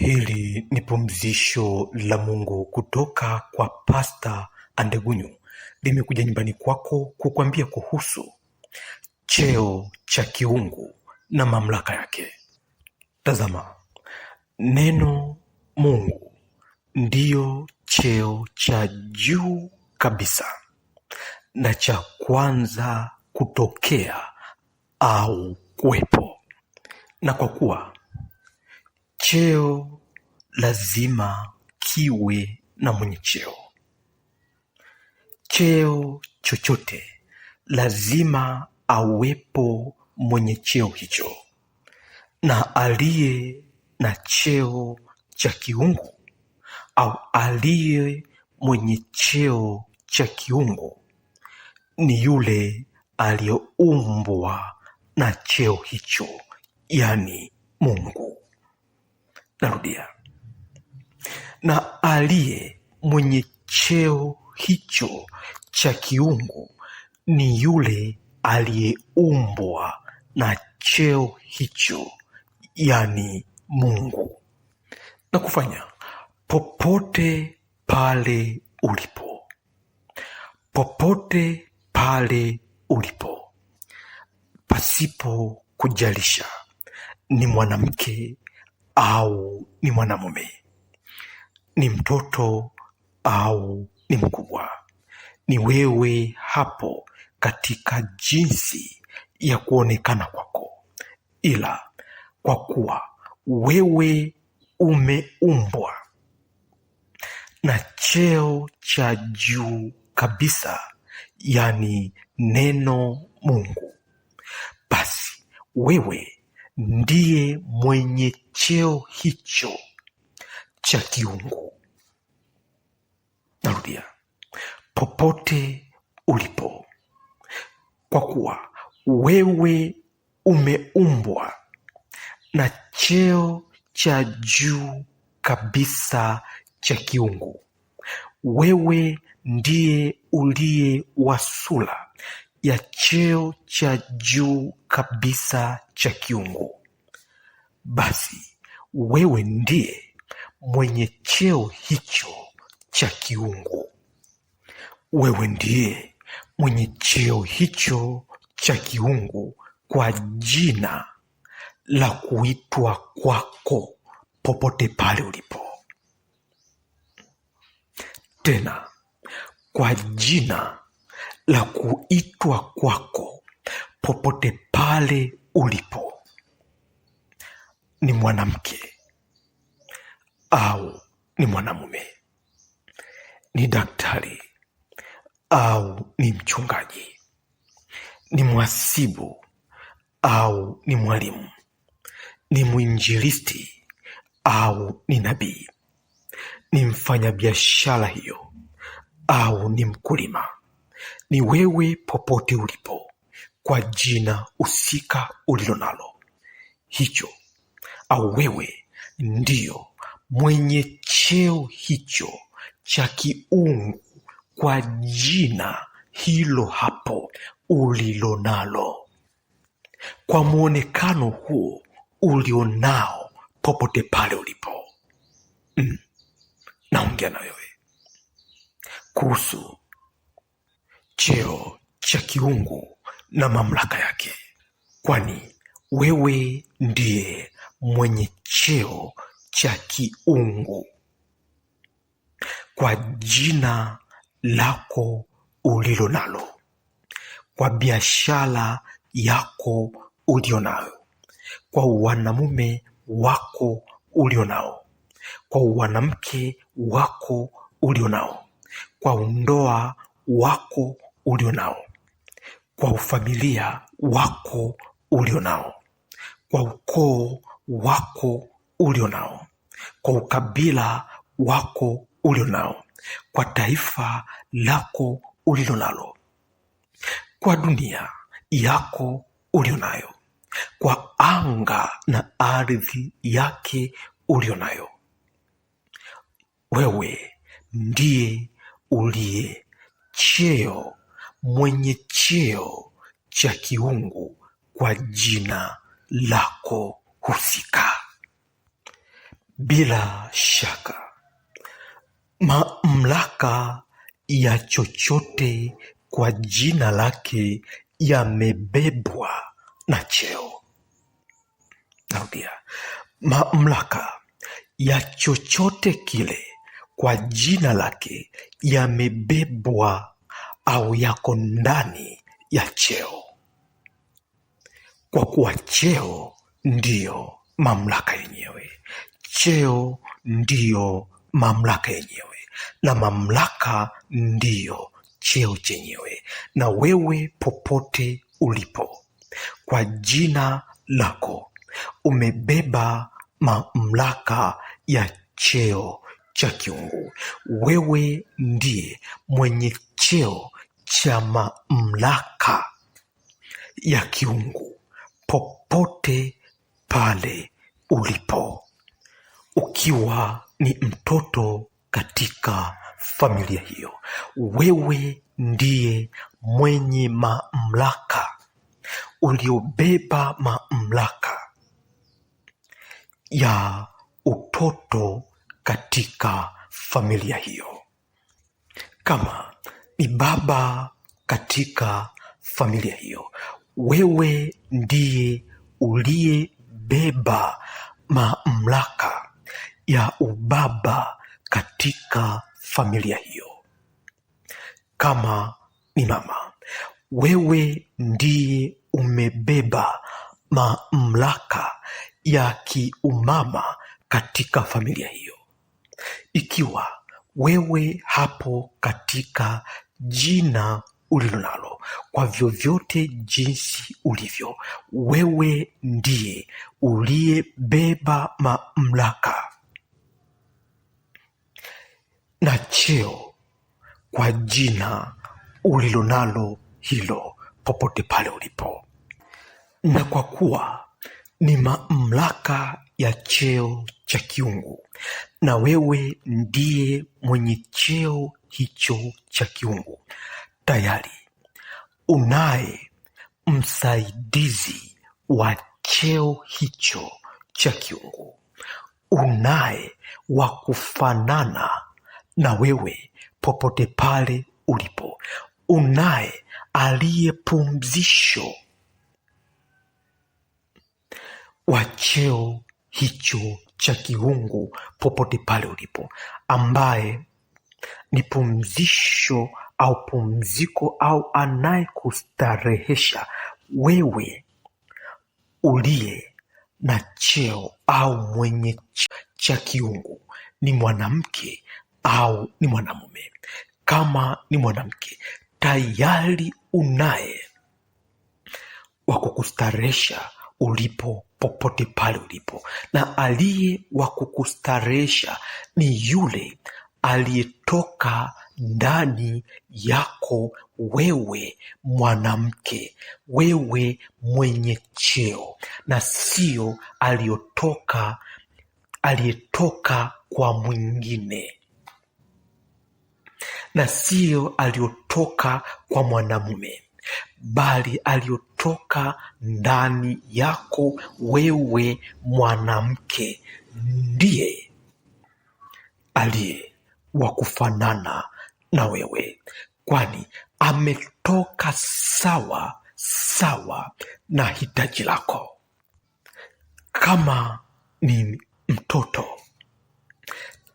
Hili ni pumzisho la Mungu kutoka kwa Pasta Andegunyu, limekuja nyumbani kwako kukwambia kuhusu cheo cha kiungu na mamlaka yake. Tazama, neno Mungu ndiyo cheo cha juu kabisa na cha kwanza kutokea au kuwepo, na kwa kuwa Cheo lazima kiwe na mwenye cheo. Cheo chochote lazima awepo mwenye cheo hicho, na aliye na cheo cha kiungu au aliye mwenye cheo cha kiungu ni yule aliyeumbwa na cheo hicho, yani Mungu narudia, na aliye mwenye cheo hicho cha kiungu ni yule aliyeumbwa na cheo hicho, yani Mungu. Na kufanya popote pale ulipo, popote pale ulipo, pasipo kujalisha ni mwanamke au ni mwanamume, ni mtoto au ni mkubwa, ni wewe hapo katika jinsi ya kuonekana kwako, ila kwa kuwa wewe umeumbwa na cheo cha juu kabisa, yani neno Mungu, basi wewe ndiye mwenye cheo hicho cha kiungu. Narudia, popote ulipo, kwa kuwa wewe umeumbwa na cheo cha juu kabisa cha kiungu. Wewe ndiye uliye wasula ya cheo cha juu kabisa cha kiungu basi wewe ndiye mwenye cheo hicho cha kiungu. Wewe ndiye mwenye cheo hicho cha kiungu kwa jina la kuitwa kwako popote pale ulipo, tena kwa jina la kuitwa kwako popote pale ulipo ni mwanamke au ni mwanamume, ni daktari au ni mchungaji, ni mhasibu au ni mwalimu, ni mwinjilisti au ni nabii, ni mfanyabiashara hiyo au ni mkulima, ni wewe popote ulipo, kwa jina husika ulilo nalo, hicho au wewe ndio mwenye cheo hicho cha kiungu kwa jina hilo hapo ulilo nalo, kwa mwonekano huo ulionao popote pale ulipo. Mm, naongea na wewe kuhusu cheo cha kiungu na mamlaka yake, kwani wewe ndiye mwenye cheo cha kiungu, kwa jina lako ulilo nalo, kwa biashara yako ulio nayo, kwa wanamume wako ulio nao, kwa wanamke wako ulio nao, kwa ndoa wako ulio nao, kwa ufamilia wako ulio nao, kwa ukoo wako ulio nao, kwa ukabila wako ulio nao, kwa taifa lako ulilo nalo, kwa dunia yako ulio nayo, kwa anga na ardhi yake ulio nayo. Wewe ndiye uliye cheo, mwenye cheo cha kiungu kwa jina lako husika. Bila shaka mamlaka ya chochote kwa jina lake yamebebwa na cheo. Narudia, mamlaka ya chochote kile kwa jina lake yamebebwa au yako ndani ya cheo, kwa kuwa cheo ndiyo mamlaka yenyewe, cheo ndiyo mamlaka yenyewe, na mamlaka ndiyo cheo chenyewe. Na wewe popote ulipo, kwa jina lako umebeba mamlaka ya cheo cha kiungu. Wewe ndiye mwenye cheo cha mamlaka ya kiungu popote pale ulipo, ukiwa ni mtoto katika familia hiyo, wewe ndiye mwenye mamlaka, uliobeba mamlaka ya utoto katika familia hiyo. Kama ni baba katika familia hiyo, wewe ndiye uliye amebeba mamlaka ya ubaba katika familia hiyo. Kama ni mama, wewe ndiye umebeba mamlaka ya kiumama katika familia hiyo. Ikiwa wewe hapo katika jina ulilo nalo. Kwa vyovyote jinsi ulivyo, wewe ndiye uliyebeba mamlaka na cheo kwa jina ulilo nalo hilo, popote pale ulipo, na kwa kuwa ni mamlaka ya cheo cha kiungu, na wewe ndiye mwenye cheo hicho cha kiungu tayari unaye msaidizi wa cheo hicho cha kiungu, unaye wa kufanana na wewe popote pale ulipo, unaye aliye pumzisho wa cheo hicho cha kiungu popote pale ulipo, ambaye ni pumzisho au pumziko au anayekustarehesha wewe uliye na cheo au mwenye cha kiungu ni mwanamke au ni mwanamume kama ni mwanamke tayari unaye wa kukustarehesha ulipo popote pale ulipo na aliye wa kukustarehesha ni yule aliyetoka ndani yako wewe mwanamke, wewe mwenye cheo na sio aliyotoka aliyetoka kwa mwingine na siyo aliyotoka kwa mwanamume, bali aliyotoka ndani yako wewe mwanamke, ndiye aliye wa kufanana na wewe, kwani ametoka sawa sawa na hitaji lako. Kama ni mtoto,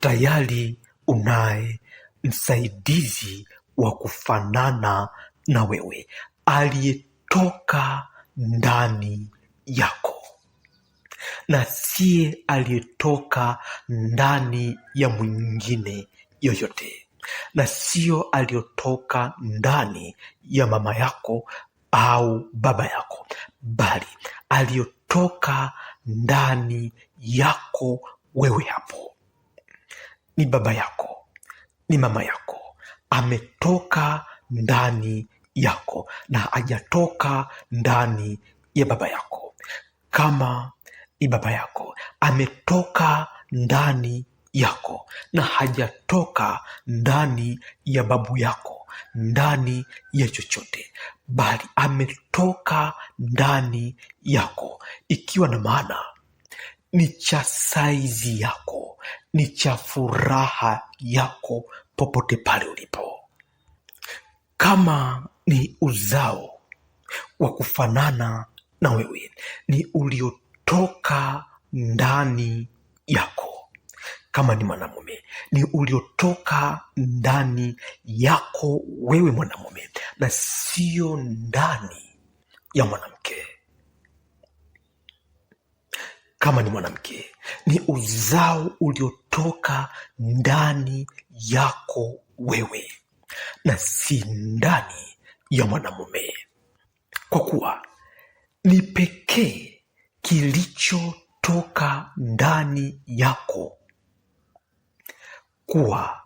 tayari unaye msaidizi wa kufanana na wewe aliyetoka ndani yako na siye aliyetoka ndani ya mwingine yoyote na siyo aliyotoka ndani ya mama yako au baba yako, bali aliyotoka ndani yako wewe. Hapo ni baba yako, ni mama yako, ametoka ndani yako na hajatoka ndani ya baba yako. Kama ni baba yako, ametoka ndani yako na hajatoka ndani ya babu yako, ndani ya chochote, bali ametoka ndani yako, ikiwa na maana ni cha saizi yako, ni cha furaha yako, popote pale ulipo. Kama ni uzao wa kufanana na wewe, ni uliotoka ndani yako kama ni mwanamume ni uliotoka ndani yako wewe mwanamume na siyo ndani ya mwanamke kama ni mwanamke ni uzao uliotoka ndani yako wewe na si ndani ya mwanamume kwa kuwa ni pekee kilichotoka ndani yako kuwa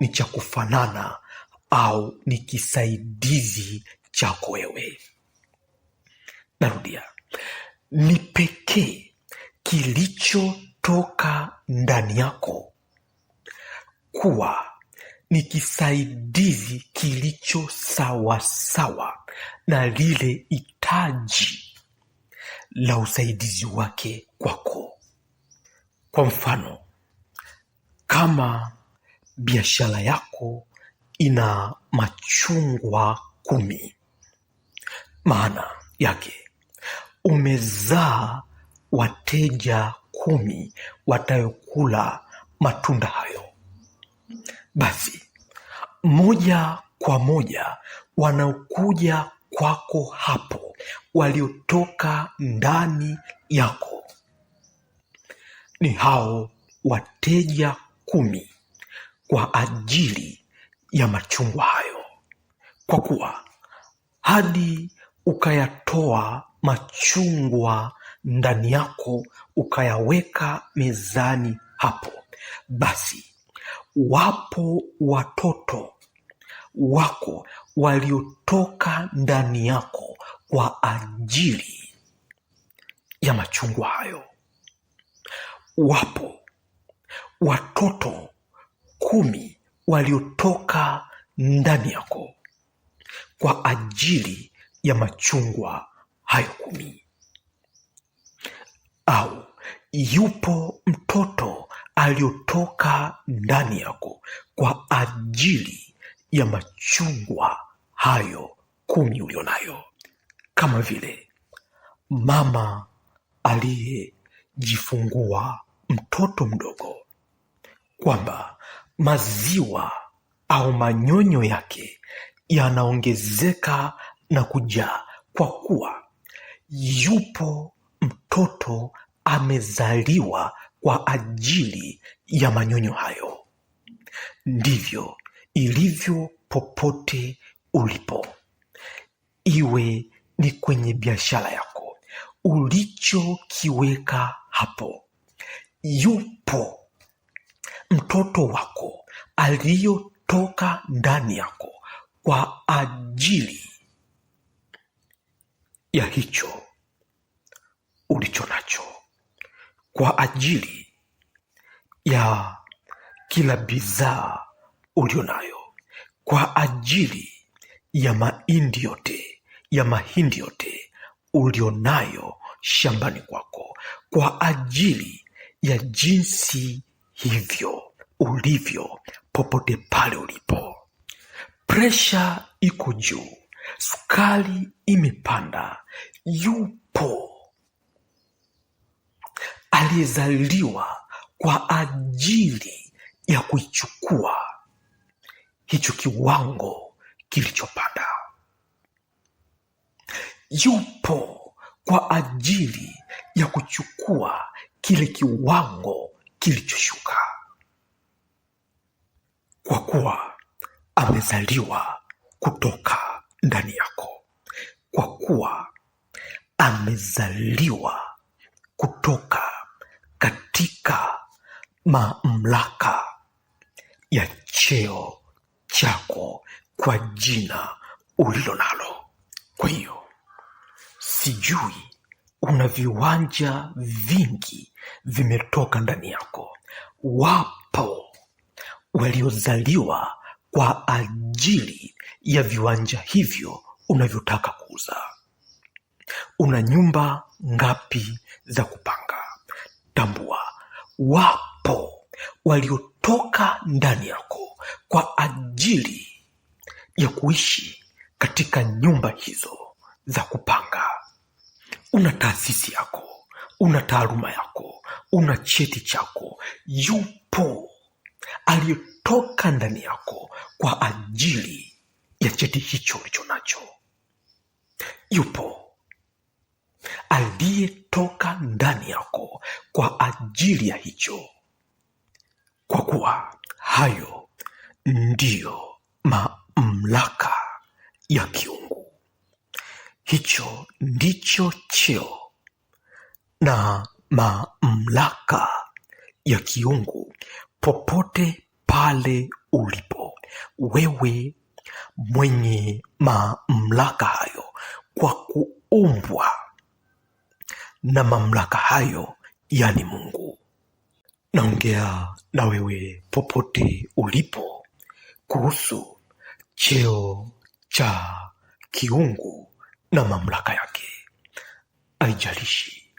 ni cha kufanana au ni kisaidizi chako wewe. Narudia, ni pekee kilichotoka ndani yako kuwa ni kisaidizi kilicho sawasawa na lile hitaji la usaidizi wake kwako. Kwa mfano, kama biashara yako ina machungwa kumi. Maana yake umezaa wateja kumi watayokula matunda hayo. Basi moja kwa moja wanaokuja kwako hapo, waliotoka ndani yako, ni hao wateja kumi kwa ajili ya machungwa hayo, kwa kuwa hadi ukayatoa machungwa ndani yako ukayaweka mezani hapo, basi wapo watoto wako waliotoka ndani yako kwa ajili ya machungwa hayo. Wapo watoto kumi waliotoka ndani yako kwa ajili ya machungwa hayo kumi. Au yupo mtoto aliyotoka ndani yako kwa ajili ya machungwa hayo kumi ulio nayo, kama vile mama aliyejifungua mtoto mdogo, kwamba maziwa au manyonyo yake yanaongezeka na kujaa, kwa kuwa yupo mtoto amezaliwa kwa ajili ya manyonyo hayo. Ndivyo ilivyo popote ulipo, iwe ni kwenye biashara yako, ulichokiweka hapo, yupo mtoto wako aliyotoka ndani yako kwa ajili ya hicho ulicho nacho, kwa ajili ya kila bidhaa ulio nayo, kwa ajili ya mahindi yote ya mahindi yote ulionayo shambani kwako, kwa ajili ya jinsi hivyo ulivyo popote pale ulipo. Presha iko juu, sukari imepanda. Yupo aliyezaliwa kwa ajili ya kuichukua hicho kiwango kilichopanda. Yupo kwa ajili ya kuchukua kile kiwango kilichoshuka, kwa kuwa amezaliwa kutoka ndani yako, kwa kuwa amezaliwa kutoka katika mamlaka ya cheo chako kwa jina ulilo nalo. Kwa hiyo sijui una viwanja vingi vimetoka ndani yako. Wapo waliozaliwa kwa ajili ya viwanja hivyo unavyotaka kuuza. Una nyumba ngapi za kupanga? Tambua, wapo waliotoka ndani yako kwa ajili ya kuishi katika nyumba hizo za kupanga una taasisi yako, una taaluma yako, una cheti chako, yupo aliyetoka ndani yako kwa ajili ya cheti hicho ulicho nacho. Yupo aliyetoka ndani yako kwa ajili ya hicho, kwa kuwa hayo ndiyo mamlaka ya kiungu. Hicho ndicho cheo na mamlaka ya kiungu popote pale ulipo wewe mwenye mamlaka hayo kwa kuumbwa na mamlaka hayo yani Mungu. Naongea na wewe popote ulipo kuhusu cheo cha kiungu na mamlaka yake. Haijalishi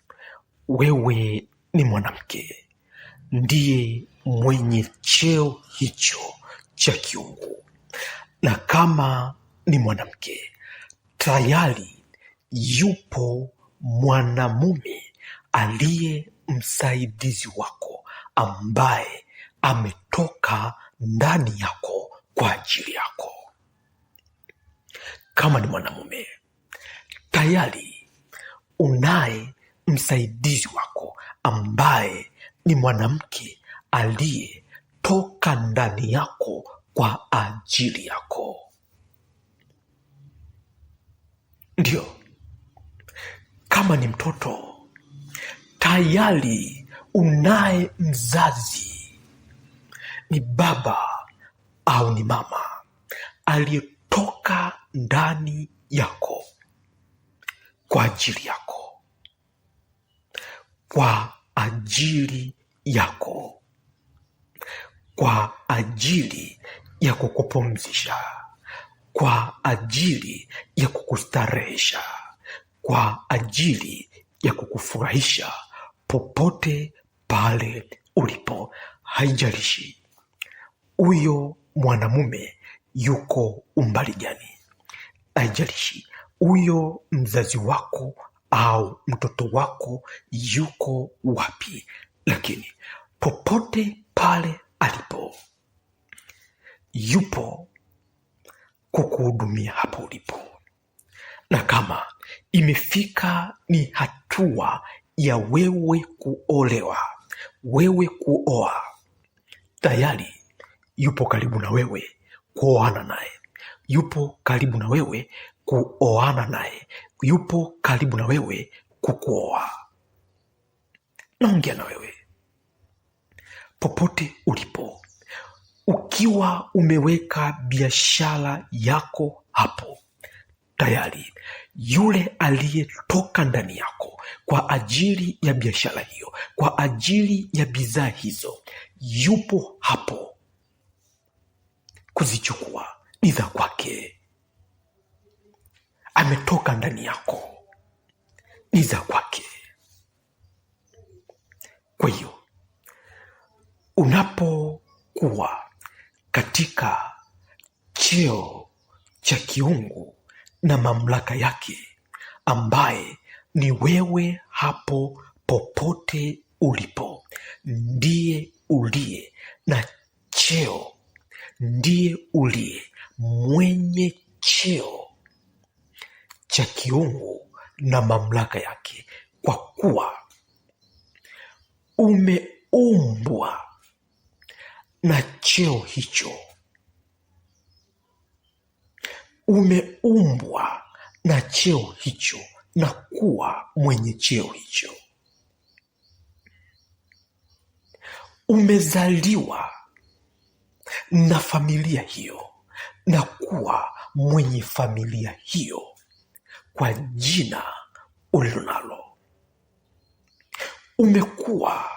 wewe ni mwanamke, ndiye mwenye cheo hicho cha kiungu, na kama ni mwanamke tayari yupo mwanamume aliye msaidizi wako ambaye ametoka ndani yako kwa ajili yako. Kama ni mwanamume tayari unaye msaidizi wako ambaye ni mwanamke aliyetoka ndani yako kwa ajili yako. Ndiyo, kama ni mtoto tayari unaye mzazi, ni baba au ni mama aliyetoka ndani yako kwa ajili yako, kwa ajili yako, kwa ajili ya kukupumzisha, kwa ajili ya kukustarehesha, kwa ajili ya kukufurahisha popote pale ulipo. Haijalishi huyo mwanamume yuko umbali gani, haijalishi huyo mzazi wako au mtoto wako yuko wapi, lakini popote pale alipo yupo kukuhudumia hapo ulipo, na kama imefika ni hatua ya wewe kuolewa, wewe kuoa, tayari yupo karibu na wewe kuoana naye, yupo karibu na wewe kuoana naye, yupo karibu na wewe kukuoa. Naongea na wewe popote ulipo, ukiwa umeweka biashara yako hapo tayari, yule aliyetoka ndani yako kwa ajili ya biashara hiyo, kwa ajili ya bidhaa hizo, yupo hapo kuzichukua bidhaa kwake ametoka ndani yako ni za kwake. Kwa hiyo unapokuwa katika cheo cha kiungu na mamlaka yake, ambaye ni wewe, hapo popote ulipo, ndiye uliye na cheo, ndiye uliye mwenye cheo cha kiungu na mamlaka yake, kwa kuwa umeumbwa na cheo hicho, umeumbwa na cheo hicho na kuwa mwenye cheo hicho, umezaliwa na familia hiyo na kuwa mwenye familia hiyo kwa jina ulilo nalo. Umekuwa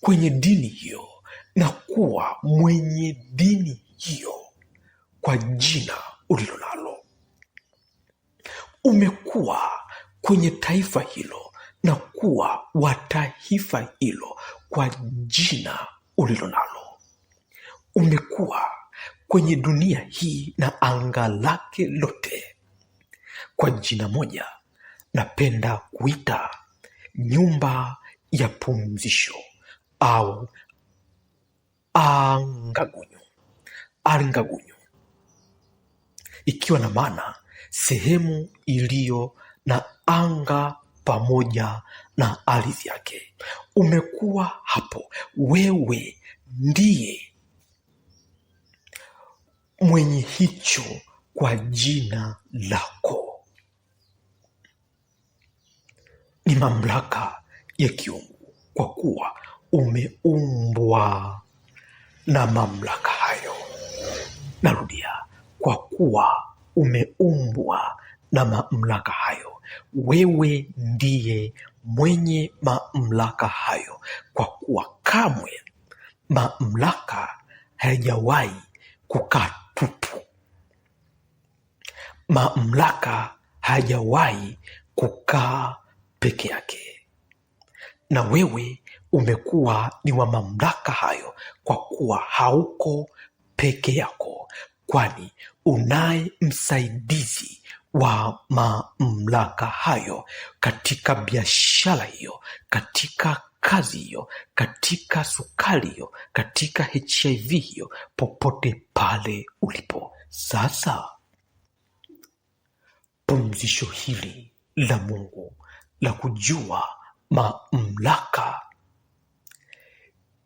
kwenye dini hiyo na kuwa mwenye dini hiyo kwa jina ulilo nalo. Umekuwa kwenye taifa hilo na kuwa wa taifa hilo kwa jina ulilo nalo. Umekuwa kwenye dunia hii na anga lake lote kwa jina moja napenda kuita nyumba ya pumzisho au angagunyu angagunyu, ikiwa na maana sehemu iliyo na anga pamoja na ardhi yake. Umekuwa hapo, wewe ndiye mwenye hicho kwa jina lako. ni mamlaka ya kiungu, kwa kuwa umeumbwa na mamlaka hayo. Narudia, kwa kuwa umeumbwa na mamlaka hayo. Wewe ndiye mwenye mamlaka hayo, kwa kuwa kamwe mamlaka hayajawahi kukaa tupu. Mamlaka hayajawahi kukaa peke yake, na wewe umekuwa ni wa mamlaka hayo, kwa kuwa hauko peke yako, kwani unaye msaidizi wa mamlaka hayo katika biashara hiyo, katika kazi hiyo, katika sukari hiyo, katika HIV hiyo, popote pale ulipo sasa. Pumzisho hili la Mungu la kujua mamlaka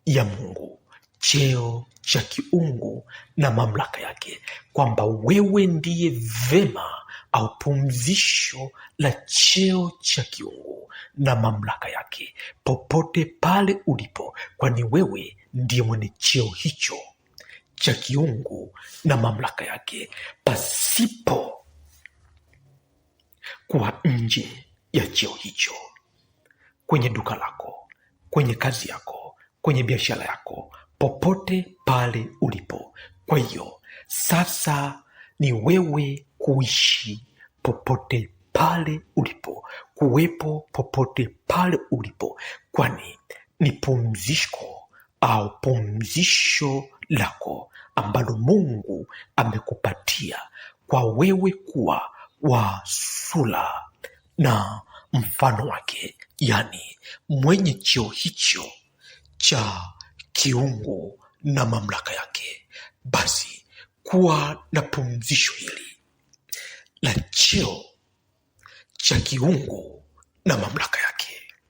ya Mungu, cheo cha kiungu na mamlaka yake, kwamba wewe ndiye vema au pumzisho la cheo cha kiungu na mamlaka yake popote pale ulipo, kwani wewe ndiye mwenye cheo hicho cha kiungu na mamlaka yake pasipo kuwa nje ya cheo hicho kwenye duka lako, kwenye kazi yako, kwenye biashara yako, popote pale ulipo. Kwa hiyo sasa ni wewe kuishi popote pale ulipo, kuwepo popote pale ulipo, kwani ni pumzishko au pumzisho lako ambalo Mungu amekupatia kwa wewe kuwa wa sura na mfano wake, yani mwenye cheo hicho cha kiungu na mamlaka yake, basi kuwa na pumzisho hili la cheo cha kiungu na mamlaka yake.